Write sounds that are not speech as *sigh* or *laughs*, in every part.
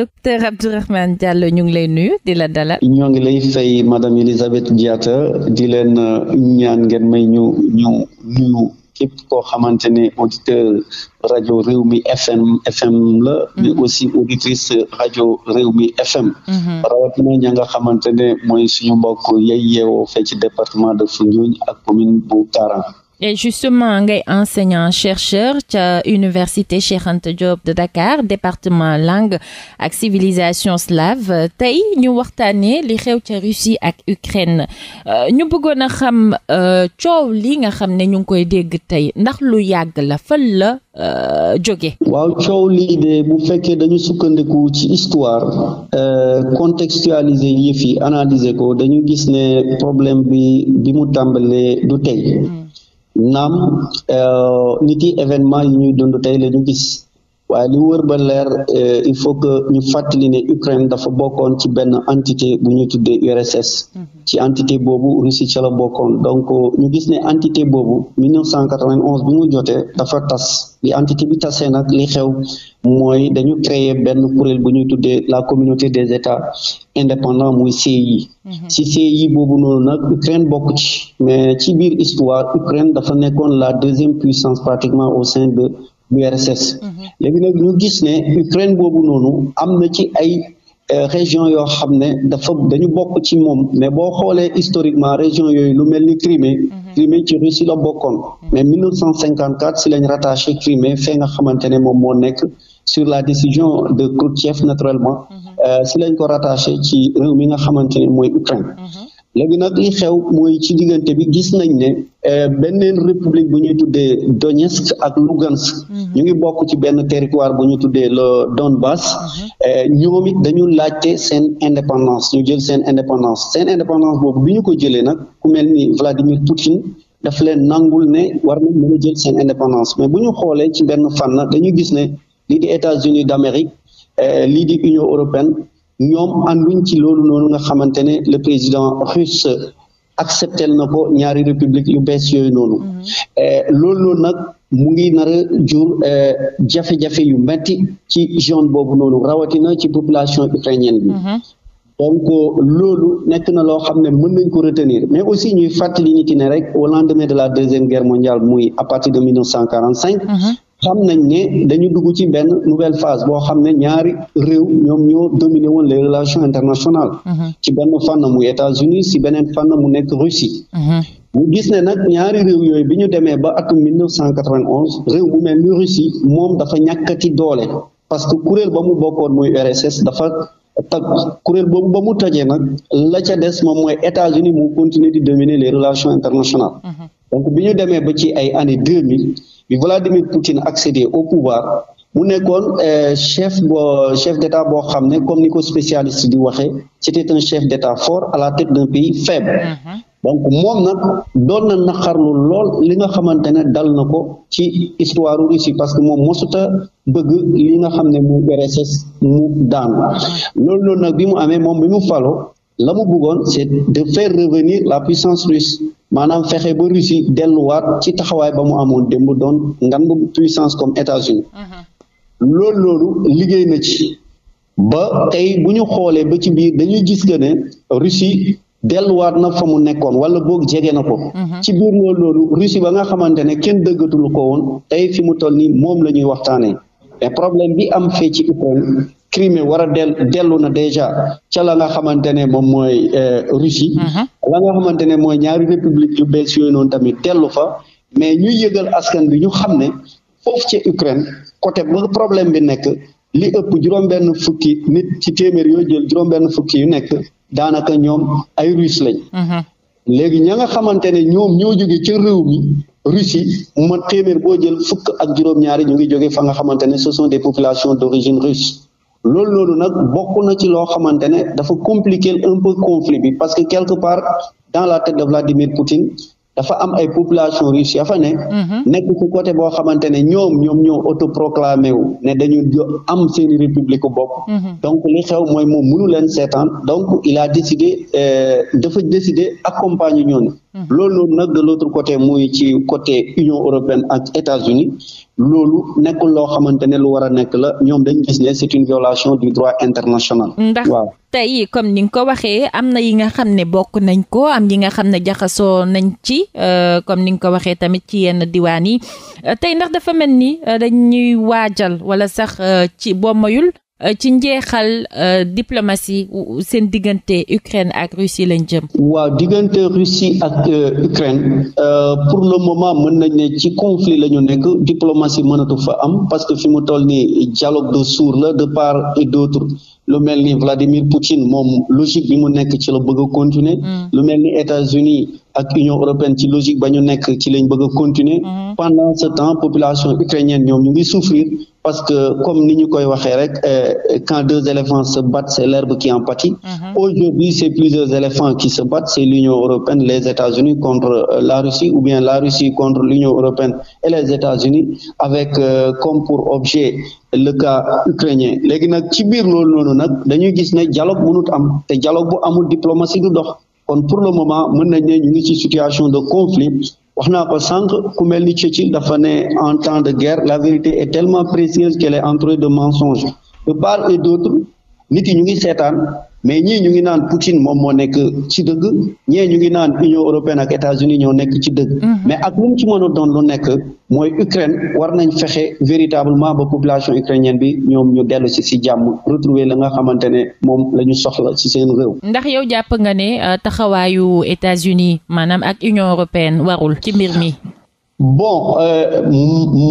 docteur Abdourahmane Diallo ñu ngi lay nuyu di la dalal. ñoo ngi lay fay madame Elisabeth Diatta di leen euh, ñaan ngeen may ñu ñu ñu képp koo xamante ne auditeur rajo Rewmi FM FM la. mais mhm. aussi auditrice rajo Rewmi FM. Mhm. rawatina ña nga xamante ne mooy suñu mbokk yay yeewoo fee ci département de Foundiougne ak commune bu Karang. Et justement ngay enseignant chercheur ca université Cheikh Anta Diop de Dakar département langue ak civilisation slave tey ñu waxtaanee li xew ca Russie ak Ukraine euh, ñu bëggoon a xam euh, coow li nga xam ne ñu ngi koy dégg tey ndax lu yàgg la fan la euh, jóge. waaw coow lii de bu fekkee dañu sukkandiku ci histoire contextualiser yëf yi analyser ko dañu gis ne problème bi bi mu tàmbalee du tey. Hmm. naam euh, nit yi événement yi ñuy dund tey la gis waaye li wër ba leer euh, il faut que ñu fàttali ne Ukraine dafa bokkoon ci benn entité bu ñuy tuddee URSS. ci entité boobu Russie ca la bokkoon donc ñu gis ne entité boobu 1991 bi mu jotee dafa tas li entité bi tasee nag li xew mooy dañu créer benn kuréel bu ñuy tuddee la communauté des états indépendant muy CEI mhm. ci CEI boobu noonu nag Ukraine bokk mais ci biir histoire Ukraine dafa nekkoon la deuxième puissance pratiquement au sein de l'URSS mhm. léegi nag ñu gis ne Ukraine boobu noonu am na ci ay Euh, région yoo xam ne dafa dañu bokk ci moom mais boo xoolee historiquement région yooyu lu mel ni Crimée mhm. Crimée ci Russie la bokkoon mhm. mais 1954 si lañ rattaché Crimée fee nga xamante ne moom moo nekk sur la décision de Khrouchtchev naturellement si mhm. euh, lañ ko rattaché ci réew mi nga xamante ne mooy Ukraine léegi nag li xew mooy ci diggante bi gis nañ ne euh, benneen république bu ñuy tuddee Donetsk ak Lugansk mhm. ñu ngi bokk ci benn territoire bu ñu tuddee le Donbass mhm. euh, ñoom it dañu laajte seen indépendance ñu jël seen indépendance seen indépendance boobu bi ñu ko jëlee nag ku mel ni Vladimir Poutine daf leen nangul ne war nañ mën jël seen indépendance mais bu ñu xoolee ci benn fànn dañu gis ne lii di États-Unis d'Amérique euh, lii di Union européenne ñoom ànduñ ci loolu noonu nga xamante ne le président russe accepté na ko ñaari république yu bees yooyu noonu mm-hmm. eh, loolu noonu nag mu ngi na a jur eh, jafe-jafe yu metti ci zone boobu noonu rawatina ci population ukrainienne bi mm-hmm. donc loolu nekk na loo xam ne mën nañ ko retenir mais aussi ñuy fàttali nit ñi ne rek au lendemain de la deuxième guerre mondiale muy à partir de 1945. xam nañ ne dañu dugg ci benn nouvelle phase boo xam ne ñaari réew ñoom ñoo dominé woon les relations internationales mhm. ci benn fànn mu États-Unis si beneen fànn mu nekk Russie mhm. gis ne nag ñaari réew yooyu bi ñu demee ba atum 1991 réew mu mel ni Russie moom dafa ñàkkati doole parce que kuréel ba mu bokkoon muy RSS dafa kuréel boobu ba mu tajee nag la ca des moom mooy États-Unis mu continuer di dominer les relation internationales mhm. donc bi ñu demee ba ci ay années 2000 bi Vladimir Poutine accédé au pouvoir mu nekkoon euh, chef bo chef d'état boo xam ne comme ni ko spécialiste di waxee c'était un chef d'état fort à la tête d'un pays faible mm-hmm. donc moom nag doon na naqarlu lool li nga xamante ne dal na ko ci histoire Russie parce que moom mosuta bëgg li nga xam ne mu RSS mu daanu mm-hmm. loolu noonu nag bi amee moom bi mu falo la mu bëggoon c'est de faire revenir la puissance russe maanaam fexe ba Russie delluwaat ci taxawaay ba mu amoon démb doon ngan bu puissance comme États-Unis mhm. loolu loolu liggéey na ci ba tey bu ñu xoolee ba ci biir dañuy gis ga ne Russie delluwaat na fa mu nekkoon wala boog jege na ko. Mhm. ci biir loolu loolu Russie ba nga xamante ne kenn dëggatul ko woon tey fi mu toll nii moom la ñuy waxtaanee mais problème bi am fee ci Ukraine Crimée war a del dellu na déjà ca la nga xamante ne moom mooy euh, Russie mm-hmm. la nga xamante ne mooy ñaari république yu bees yooyu noonu tamit dellu fa mais ñuy yëgal askan bi ñu xam ne foofu ca Ukraine côté ba problème bi nekk li ëpp juróom-benn fukki nit ci téeméer yoo jël juróom-benn fukki yu nekk daanaka ñoom ay russe lañ mm-hmm. léegi ña nga xamante ne ñoom ñoo jóge ca réew mi Russie ma téeméer boo jël fukk ak juróom-ñaari ñu ngi joge fa nga xamante ne ce sont des d'origine russe loolu noonu nag bokk na ci loo xamante ne dafa compliquer un peu conflit bi parce que quelque part dans la tête de Vladimir Poutine dafa am ay population russe ya fa ne mhm. nekk ci côté boo xamante ne ñoom ñoom ñoo autoproclamé wu ne dañu am seeni république bopp mhm. donc li xew mooy moom mënu leen seetaan donc il a décidé euh, dafa décidé accompagner ñooñu mhm. loolu noonu nag de l'autre côté muy ci côté Union européenne ak États-Unis loolu nekkul loo xamante ne lu war a nekk la ñoom dañ gis ne c'est une violation du droit international. waaw tey comme ni nga ko waxee am na yi nga xam ne bokk nañ ko am yi nga xam ne jaxasoo nañ ci euh, comme ni nga ko waxee tamit ci yenn diwaan yi euh, tey ndax dafa mel ni euh, dañuy waajal wala sax ci boo mayul Euh, ci njeexal euh, diplomatie seen diggante Ukraine ak Russie lañ jëm. waaw diggante Russie ak euh, Ukraine pour le moment mën nañ ne ci conflit la ñu nekk diplomatie mënatu fa am parce que fi mu toll nii dialogue de sourds la de part et d'autre lu mel ni Vladimir Poutine moom logique bi mu nekk ci la bëgg continuer. Mm. lu mel ni États-Unis ak Union européenne ci logique ba ñu nekk ci lañ bëgg a continuer mhm. pendant ce temps population ukrainienne ñoom ñu ngi souffrir parce que comme ni ñu koy waxee rek euh, quand deux éléphants se battent c'est l'herbe qui en pâtit mhm. aujourd'hui c'est plusieurs éléphants qui se battent c'est l'Union européenne les États-Unis contre euh, la Russie ou bien la Russie contre l'Union européenne et les États-Unis avec euh, comme pour objet le cas ukrainien léegi nag ci biir loolu noonu nag dañuy gis ne dialogue mënut am te dialogue bu amul diplomatie du dox kon pour le moment mën nañ ne ñu ngi ci situation de conflit wax naa ko sànq ku mel ni ci dafa ne en temps de guerre la vérité est tellement précieuse qu'elle est entourée de mensonges de part et d'autre nit yi ñu ngi seetaan mais ñi ñu ngi naan Poutine moom moo nekk ci dëgg ñee ñu ngi naan Union européenne ak États-Unis ñoo nekk ci dëgg. Mm-hmm. mais ak lu mu ci mën a doon lu nekk mooy Ukraine war nañ fexe véritablement ba population ukrainienne bi ñoom ñu dellu si si jàmm retrouver la nga xamante ne moom la ñu soxla si seen réew. ndax yow jàpp nga ne euh, taxawaayu États-Unis maanaam ak Union européenne warul ci mbir mi. bon euh,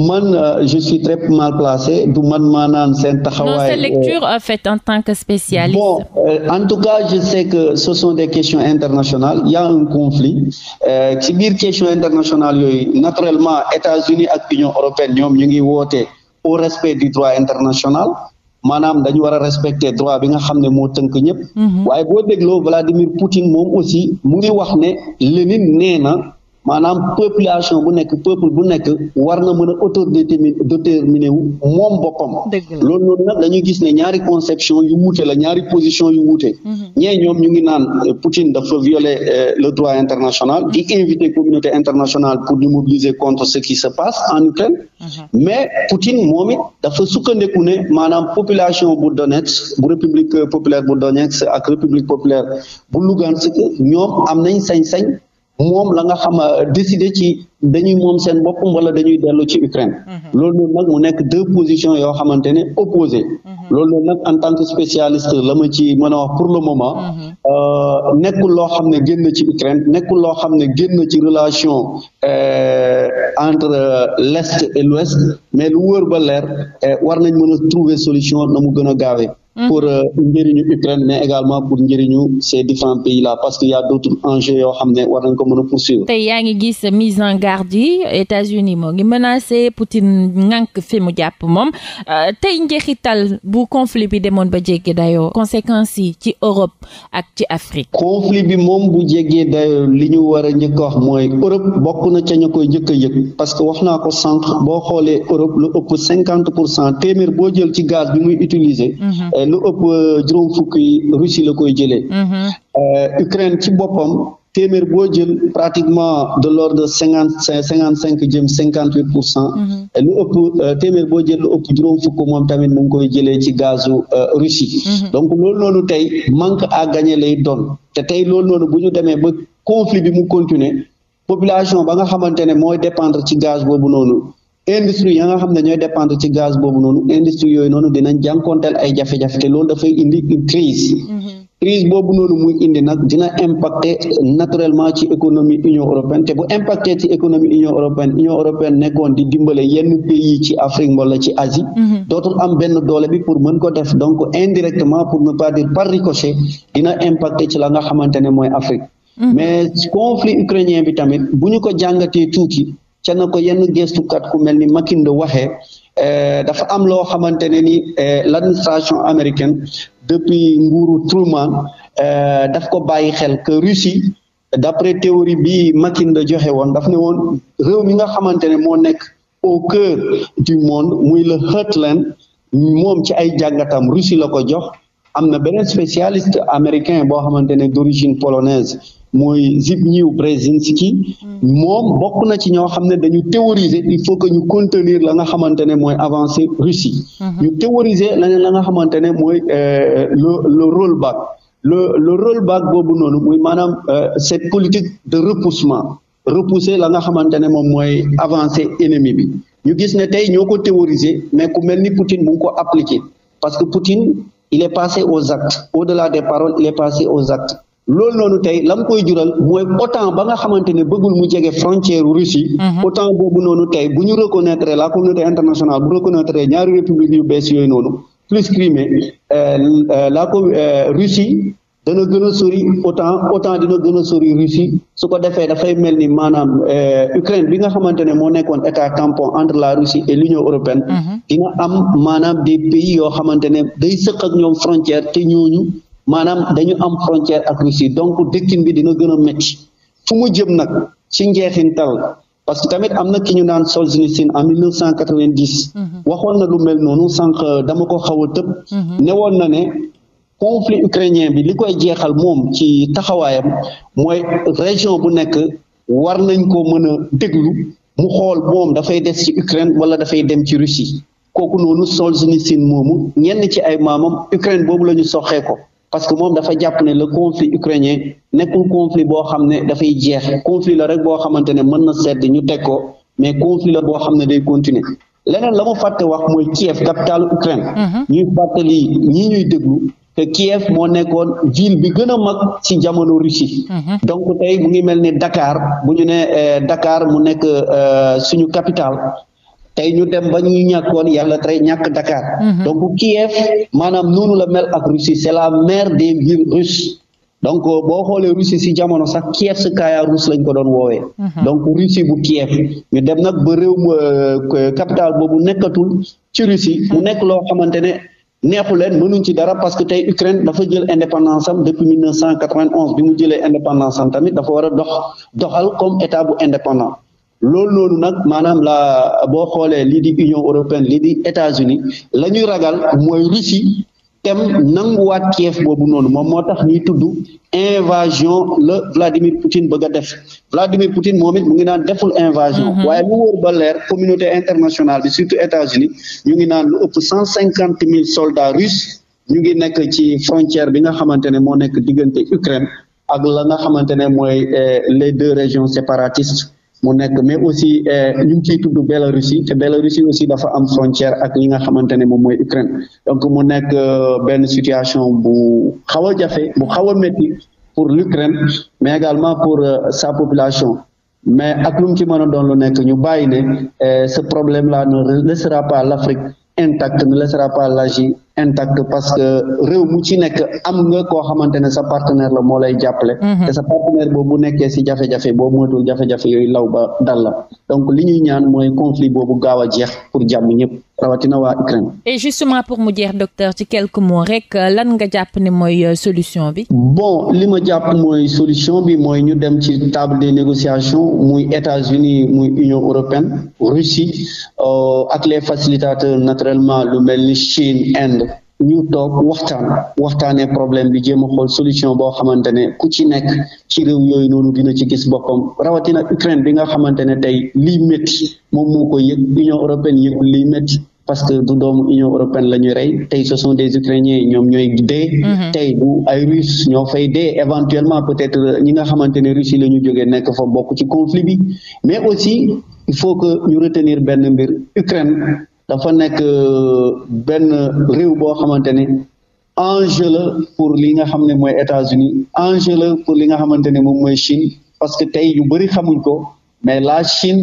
man euh, je suis très mal placé du man maanaan seen taxawaay. non sa lecture en que spécialiste. bon euh, en tout cas je sais que ce sont des questions internationales il y a un conflit ci biir question internationale yooyu naturellement États-Unis ak Union européenne ñoom ñu ngi woote au respect du droit international. maanaam dañu war a respecter droit bi nga xam ne moo tënk ñëpp. Mhm. waaye boo dégloo Vladimir Poutine moom aussi mu wax ne Lénine nee maanaam population bu nekk peuple bu nekk war na mën a autodéterminer wu moom boppam loolu noonu nag dañuy gis ne ñaari conception yu wuute la ñaari position yu wuute mhm. ñee ñoom ñu ngi naan euh, Poutine dafa violer euh, le droit international di mhm. inviter communauté international pour di mobiliser contre ce qui se passe en Ukraine mhm. mais Poutine moom it dafa sukkandiku ne maanaam population bu Donetsk bu république populaire bu Donetsk ak république populaire bu Lugansk ñoom am nañ sañ-sañ moom la nga xam a euh, décidé ci dañuy moom seen bopp wala dañuy dellu ci Ukraine mhm. loolu noonu nag mu nekk deux positions yoo xamante ne opposées mhm. loolu noonu nag en tant que spécialiste la ma ci mën a wax pour le moment mhm. euh, nekkul loo xam ne génn ci Ukraine nekkul loo xam ne génn ci relation euh, entre l'est et l'ouest mais lu wóor ba leer war nañ mën a trouver solution na mu gën a gaawe Mm-hmm. pour euh, njëriñu Ukraine mais également pour njëriñu ces différents pays là parce que y a enjeux yoo xam ne war nañ ko mën a tey yaa ngi gis mise en garde yi États-Unis moo ngi menacé Poutine ŋànk fi mu jàpp moom euh, tey njeexital bu conflit bi demoon ba jéggi dayoo conséquences yi ci Europe ak ci Afrique. moom bu jéggee li ñu war a njëkk wax mooy Europe bokk na ca ñu koy njëkk a yëg parce que wax naa ko sànq boo xoolee Europe lu ëpp cinquante pour cent téeméer boo jël ci gaz bi muy utiliser. Mm-hmm. Euh, lu ëpp euh, juróom fukk yi Russie la koy jëlee. Mhm. Euh, Ukraine ci boppam téeméer boo jël pratiquement de l'ordre de cinquante cinquante cinq jëm cinquante huit pour cent. Mhm. lu ëpp euh, téeméer boo jël lu ëpp juróom fukk moom tamit mu ngi ci gazu Russie. Mhm. donc loolu noonu tey manque à gagner lay doon te tey loolu noonu bu ñu demee ba conflit bi mu continuer population ba nga xamante ne mooy dépendre ci gaz boobu noonu. industrie ya nga xam ne ñooy dépendre ci gaz boobu noonu industrie yooyu noonu dinañ jànkoonteel ay jafe-jafe te loolu dafay indi crise mm-hmm. crise boobu noonu muy indi nag dina impacter naturellement ci économie union européenne te bu impacter ci économie union européenne union européenne nekkoon di dimbale yenn pays ci Afrique wala ci Asie mm-hmm. dootul am benn doole bi pour man ko def donc indirectement pour ne pas dire par ricochet dina impacter ci la nga xamante ne mooy Afrique mm-hmm. mais conflit ukrainien bi tamit bu ñu ko jàngatee tuuti ca na ko yenn gëstukat ku mel ni Mackindo waxee eh, dafa am loo xamante ne ni eh, l'administration américaine depuis nguuru Truman eh, daf ko bàyyi xel que Russie d'après théorie bi Mackindo joxe woon daf ne woon réew mi nga xamante ne moo nekk au cœur du monde muy le heartland moom ci ay jàngatam Russie la ko jox am na beneen spécialiste américain boo xamante ne d'origine polonaise mooy Zbigniew Brzezinski mm-hmm. moom bokk na ci ñoo xam ne dañu théoriser il faut que ñu contenir la nga xamante ne mooy avancée Russie mm-hmm. ñu théoriser la la nga xamante ne mooy euh, le le roll back le le roll back boobu noonu muy maanaam euh, cette politique de repoussement repousser la nga xamante ne moom mooy avancée ennemi bi ñu gis ne tey ñoo ko théoriser mais ku mel ni Poutine mu ko appliquer parce que Poutine il est passé aux actes au-delà des paroles il est passé loolu noonu tey la koy jural mooy OTAN ba nga xamante ne bëggul mu jege frontière Russie. OTAN mhm. boobu noonu tey bu ñu reconnaître la communauté internationale bu reconnaître ñaari république yu bees yooyu noonu plus Crimée euh, euh, la ko euh, Russie dana gën a sori OTAN OTAN dina gën a sori Russie su ko defee dafay mel ni maanaam Ukraine bi nga xamante ne moo nekkoon état tampon entre la Russie et l'Union européenne. Mhm. dina am maanaam des pays yoo xamante ne day sëq ak ñoom frontière maanaam dañu am frontière ak Russie donc dëkkin bi dina gën a métti fu mu jëm nag ci njeexintal parce que tamit am na ki ñu naan Solzhenitsyn en 1990. Mhm. waxoon na lu mel noonu sànq euh, dama ko xaw a mhm. ne woon na ne conflit ukrainien bi li koy jeexal moom ci taxawaayam mooy région bu nekk war nañ ko mën a déglu mu xool moom dafay des ci Ukraine wala dafay dem ci Russie kooku noonu Solzhenitsyn moomu ñenn ci ay maamam Ukraine boobu la ñu soxee ko. parce que moom dafa jàpp ne le conflit ukrainien nekkul conflit boo xam ne dafay jeex conflit la rek boo xamante ne mën na sedd ñu teg ko mais conflit la boo xam ne day continuer leneen la mu fàtte wax mooy Kiev capitale Ukraine. Mhm. ñuy fàttali ñi ñuy déglu. que Kiev moo nekkoon ville bi gën a mag ci jamono Russie. Mhm. donc tey mu ngi mel ni dakaar bu ñu ne eh, Dakar mu nekk euh, suñu capitale tey ñu dem ba ñuy ñàkkoon yàlla tey ñàkk Dakar. Mhm. donc Kiev maanaam noonu la mel ak Russie c'est la maire des villes russes. donc euh, boo xoolee Russie si jamono sax Kiev si kaaya russe lañ ko doon woowee. Mhm. donc Russie bu Kiev ñu dem nag ba réew euh, capital boobu nekkatul ci Russie mu mhm. nekk loo xamante ne neexu leen mënuñ ci dara parce que tey Ukraine dafa jël indépendance am depuis 1991 bi mu jëlee indépendance am tamit dafa war a dox doxal comme état bu indépendant. loolu noonu nag maanaam la boo xoolee lii di Union européenne lii di États-Unis la ñuy ragal mooy Russie tem nanguwaat Kiev boobu noonu moom moo tax ñuy tudd invasion la Vladimir Poutine bëgg a def Vladimir Poutine moom mu ngi naan deful invasion mm-hmm. waaye mu wóor ba leer communauté internationale bi surtout États-Unis ñu ngi naan lu ëpp cent cinquante mille soldats russes ñu ngi nekk ci frontière bi nga xamante ne moo nekk diggante Ukraine ak la nga xamante ne mooy eh, les deux régions séparatistes mu nekk mais aussi euh, ñu ngi ciy tudd Biélorussie te Biélorussie aussi dafa am frontière ak li nga xamante ne moom mooy Ukraine donc mu nekk euh, benn situation bu xaw a jafe bu xaw a métti pour l'Ukraine mais également pour euh, sa population mais ak lu ci mën a doon lu nekk ñu bàyyi ne ce problème la ne laissera pas l'Afrique intacte ne laissera pas l'Asie intact parce que réew mu ci nekk am nga koo xamante ne sa partenaire la moo lay jàppale. Mhm. te sa partenaire boobu bu nekkee si jafe-jafe boo moytuwul jafe-jafe yooyu law ba dal donc li ñuy ñaan mooy conflit boobu gaaw a jeex pour jàmm ñëpp. rawatina waa Ukraine. et justement pour mu jeex docteur ci quelques mots rek lan nga jàpp ne mooy euh, solution bi. bon li ma jàpp mooy solution bi mooy ñu dem ci table des négociation muy États-Unis muy Union européenne Russie euh, ak les facilitateurs naturellement lu mel ni Chine Inde. ñu toog waxtaan waxtaanee problème bi jéem a xool solution boo xamante ne ku ci nekk ci réew yooyu noonu dina ci gis boppam rawatina Ukraine bi nga xamante ne tey lii métti moom moo ko yëg Union européenne yëgul lii métti parce que du doom Union européenne la ñu rey tey ce sont des Ukrainiens ñoom ñooy dee. Mm-hmm. tey du ay Russes ñoo fay dee éventuellement peut-être ñi nga xamante ne Russie la ñu jógee nekk fa bokk ci conflit bi mais aussi il faut que ñu retenir benn mbir dafa nekk euh, benn réew boo xamante ni enjeu la pour li nga xam ne mooy États-Unis enjeu la pour li nga xamante ne moom mooy Chine parce que tey yu bëri xamuñ ko mais la Chine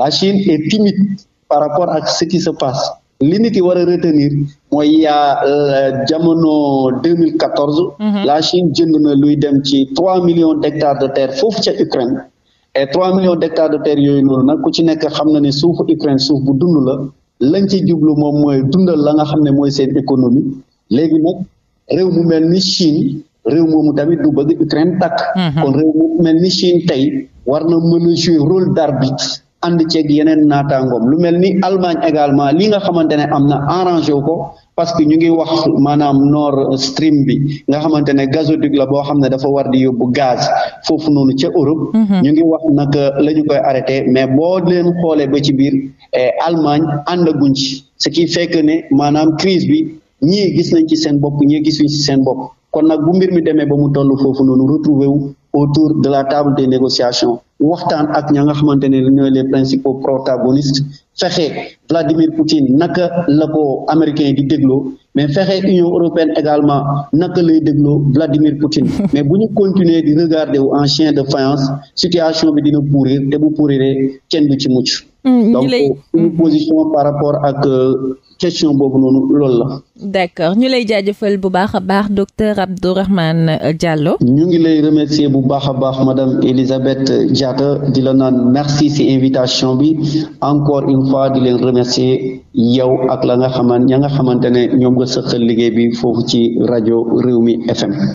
la Chine est timide par rapport ak ce qui se passe li nit yi war a retenir mooy yaa euh, jamono 2014. Mhm. la Chine jënd na luy dem ci 3 millions d' hectares de terre foofu ca Ukraine et 3 millions d' hectares de terre yooyu noonu nag ku ci nekk xam na ne suufu Ukraine suuf bu dund la. lañ ci jublu moom mooy dundal la nga xam ne mooy seen économie léegi nag réew mu mel ni Chine réew moomu tamit du bëgg Ukraine tàkk mhm. kon réew mu mel ni Chine tey war na mën a jouer rôle d'arbitre ànd ceeg yeneen naataangoom lu mel ni Allemagne également li nga xamante ne am na arrangé wu ko parce que ñu ngi wax maanaam Nord Stream bi nga xamante ne gazoduc la boo xam ne dafa war di yóbbu gaz foofu noonu ca Europe. Mhm. ñu ngi wax nag euh, la ñu koy arrêté mais boo leen xoolee ba ci biir eh, Allemagne àndaguñ ci ce qui fait que ne maanaam crise bi ñii gis nañ ci seen bopp ñii gisuñ ci seen bopp kon nag bu mbir mi demee ba mu toll foofu noonu retrouver wu autour de la table des négociations waxtaan ak ña nga xamante ne ñooy les principaux protagonistes fexe Vladimir Poutine naka la ko américain di dégloo. mais fexe Union européenne également naka lay dégloo Vladimir Poutine *laughs* mais bu ñu continuer di regarder en chien de faïence situation bi dina pourrir te bu pourriree kenn du ci mucc Hmm, donc suñu hmm. position par rapport ak euh, question boobu noonu loolu la. d'accord ñu lay jaajëfal bu baax a baax docteur Abdourahmane jàllo ñu ngi lay remercier bu baax a baax madame Elisabeth Diatta di la naan merci ci invitation bi encore une fois di leen remercier yow ak la nga xaman ña nga xamante ne ñoom nga sëqal liggéey bi foofu ci rajo mi FM.